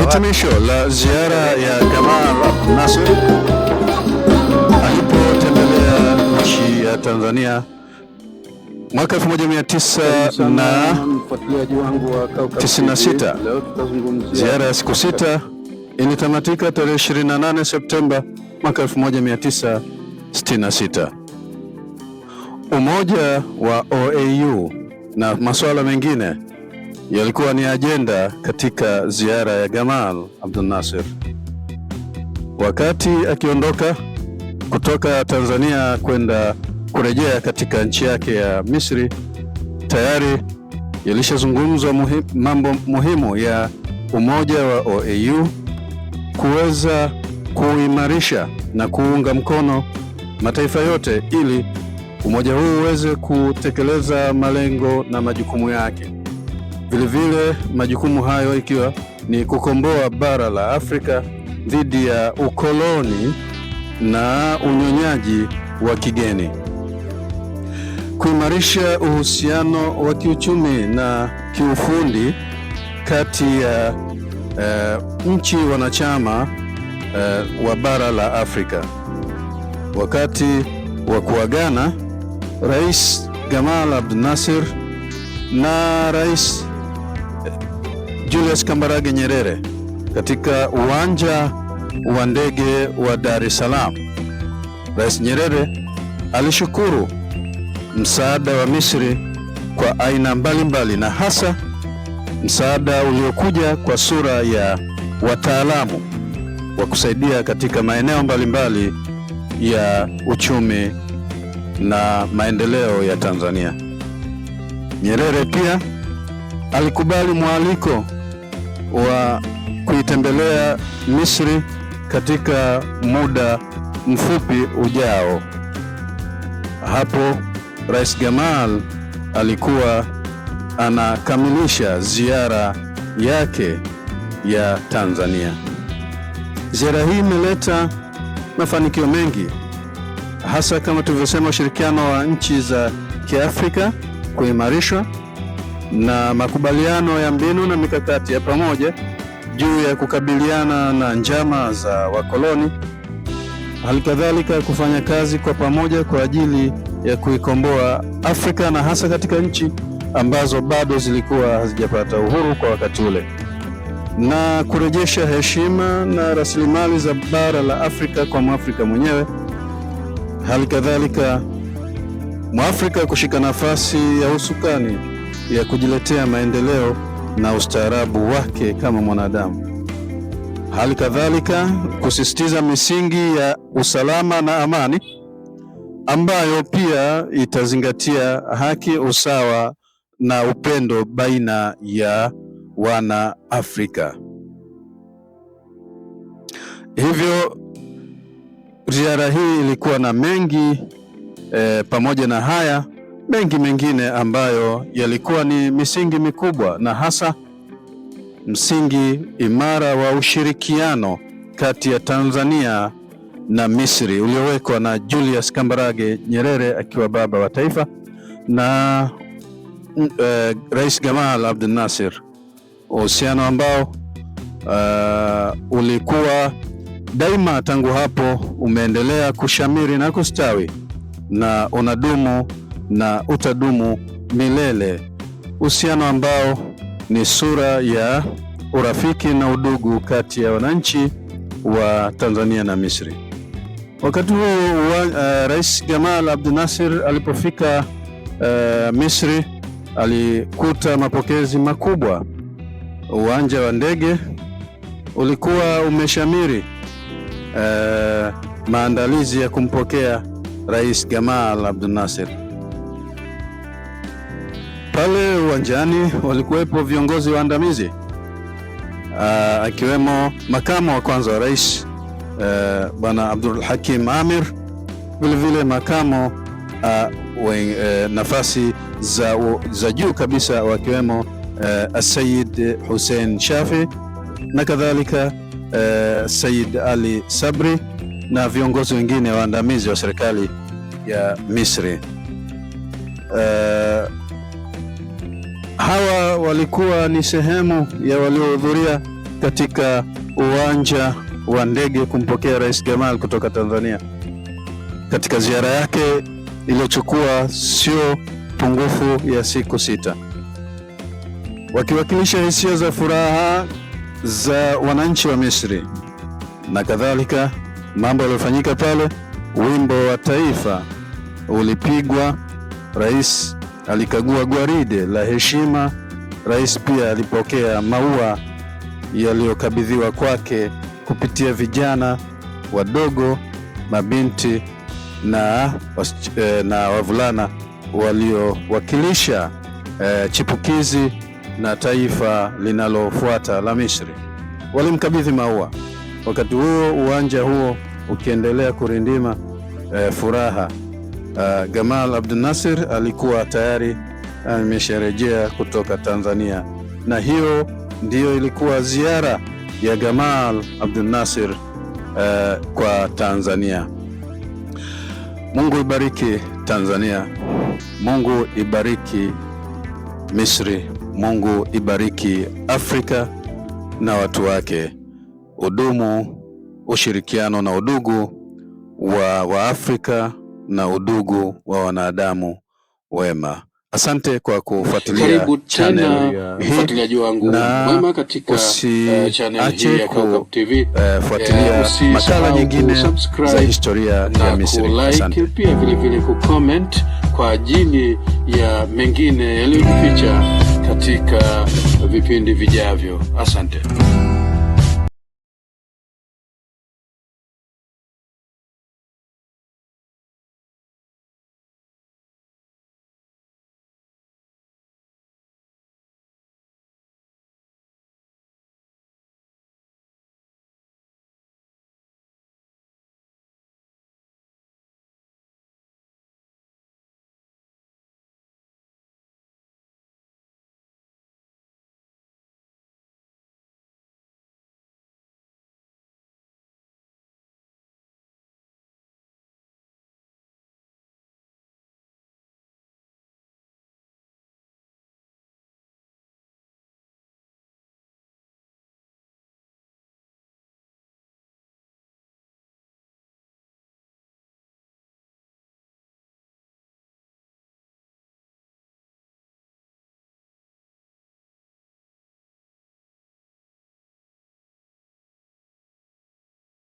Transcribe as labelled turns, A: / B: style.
A: Hitimisho la ziara ya Gamal Nasir alipotembelea nchi ya Tanzania mwaka 1996. Ziara ya siku sita ilitamatika tarehe 28 Septemba mwaka 1966. Umoja wa OAU na masuala mengine yalikuwa ni ajenda katika ziara ya Gamal Abdel Nasser. Wakati akiondoka kutoka Tanzania kwenda kurejea katika nchi yake ya Misri, tayari yalishazungumzwa muhi, mambo muhimu ya umoja wa OAU kuweza kuimarisha na kuunga mkono mataifa yote ili umoja huu uweze kutekeleza malengo na majukumu yake. Vilevile majukumu hayo ikiwa ni kukomboa bara la Afrika dhidi ya ukoloni na unyonyaji wa kigeni, kuimarisha uhusiano wa kiuchumi na kiufundi kati ya uh, nchi wanachama uh, wa bara la Afrika. Wakati wa kuagana, Rais Gamal Abdel Nasser na Rais Julius Kambarage Nyerere katika uwanja wa ndege wa Dar es Salaam. Rais Nyerere alishukuru msaada wa Misri kwa aina mbalimbali mbali, na hasa msaada uliokuja kwa sura ya wataalamu wa kusaidia katika maeneo mbalimbali mbali ya uchumi na maendeleo ya Tanzania. Nyerere pia alikubali mwaliko wa kuitembelea Misri katika muda mfupi ujao. Hapo Rais Gamal alikuwa anakamilisha ziara yake ya Tanzania. Ziara hii imeleta mafanikio mengi, hasa kama tulivyosema, ushirikiano wa nchi za Kiafrika kuimarishwa na makubaliano ya mbinu na mikakati ya pamoja juu ya kukabiliana na njama za wakoloni, halikadhalika kufanya kazi kwa pamoja kwa ajili ya kuikomboa Afrika na hasa katika nchi ambazo bado zilikuwa hazijapata uhuru kwa wakati ule na kurejesha heshima na rasilimali za bara la Afrika kwa Mwafrika mwenyewe. Hali kadhalika Mwafrika kushika nafasi ya usukani ya kujiletea maendeleo na ustaarabu wake kama mwanadamu. Hali kadhalika kusisitiza misingi ya usalama na amani ambayo pia itazingatia haki, usawa na upendo baina ya wana Afrika. Hivyo ziara hii ilikuwa na mengi eh, pamoja na haya mengi mengine ambayo yalikuwa ni misingi mikubwa na hasa msingi imara wa ushirikiano kati ya Tanzania na Misri uliowekwa na Julius Kambarage Nyerere akiwa baba wa taifa na uh, Rais Gamal Abdel Nasser, uhusiano ambao uh, ulikuwa daima tangu hapo umeendelea kushamiri na kustawi na unadumu na utadumu milele, uhusiano ambao ni sura ya urafiki na udugu kati ya wananchi wa Tanzania na Misri. Wakati huo uh, Rais Gamal Abdel Nasser alipofika uh, Misri alikuta mapokezi makubwa. Uwanja wa ndege ulikuwa umeshamiri uh, maandalizi ya kumpokea Rais Gamal Abdel Nasser. uwanjani walikuwepo viongozi waandamizi uh, akiwemo makamu wa kwanza wa rais uh, bwana Abdul Hakim Amir, vilevile makamu uh, uh, nafasi za, za juu kabisa wakiwemo uh, eh, Asayid Hussein Shafi na kadhalika uh, Sayid Ali Sabri na viongozi wengine waandamizi wa serikali ya Misri uh, Hawa walikuwa ni sehemu ya waliohudhuria katika uwanja wa ndege kumpokea Rais Gamal kutoka Tanzania katika ziara yake iliyochukua sio pungufu ya siku sita, wakiwakilisha hisia za furaha za wananchi wa Misri na kadhalika. Mambo yaliyofanyika pale, wimbo wa taifa ulipigwa, rais alikagua gwaride la heshima. Rais pia alipokea maua yaliyokabidhiwa kwake kupitia vijana wadogo, mabinti na, eh, na wavulana waliowakilisha eh, chipukizi na taifa linalofuata la Misri. Walimkabidhi maua. Wakati huo uwanja huo ukiendelea kurindima eh, furaha uh, Gamal Abdel Nasser alikuwa tayari amesharejea kutoka Tanzania, na hiyo ndiyo ilikuwa ziara ya Gamal Abdel Nasser uh, kwa Tanzania. Mungu ibariki Tanzania, Mungu ibariki Misri, Mungu ibariki Afrika na watu wake. Udumu ushirikiano na udugu wa Waafrika na udugu wa wanadamu wema. Asante kwa kufuatilia karibu tena
B: mfuatiliaji wangu
A: mwema katika uh, channel hii ya Kakap TV. Eh,
B: fuatilia eh, makala nyingine za historia ya Misri.
A: Asante pia vile vile ku comment kwa ajili ya mengine yaliyoficha katika vipindi vijavyo. Asante.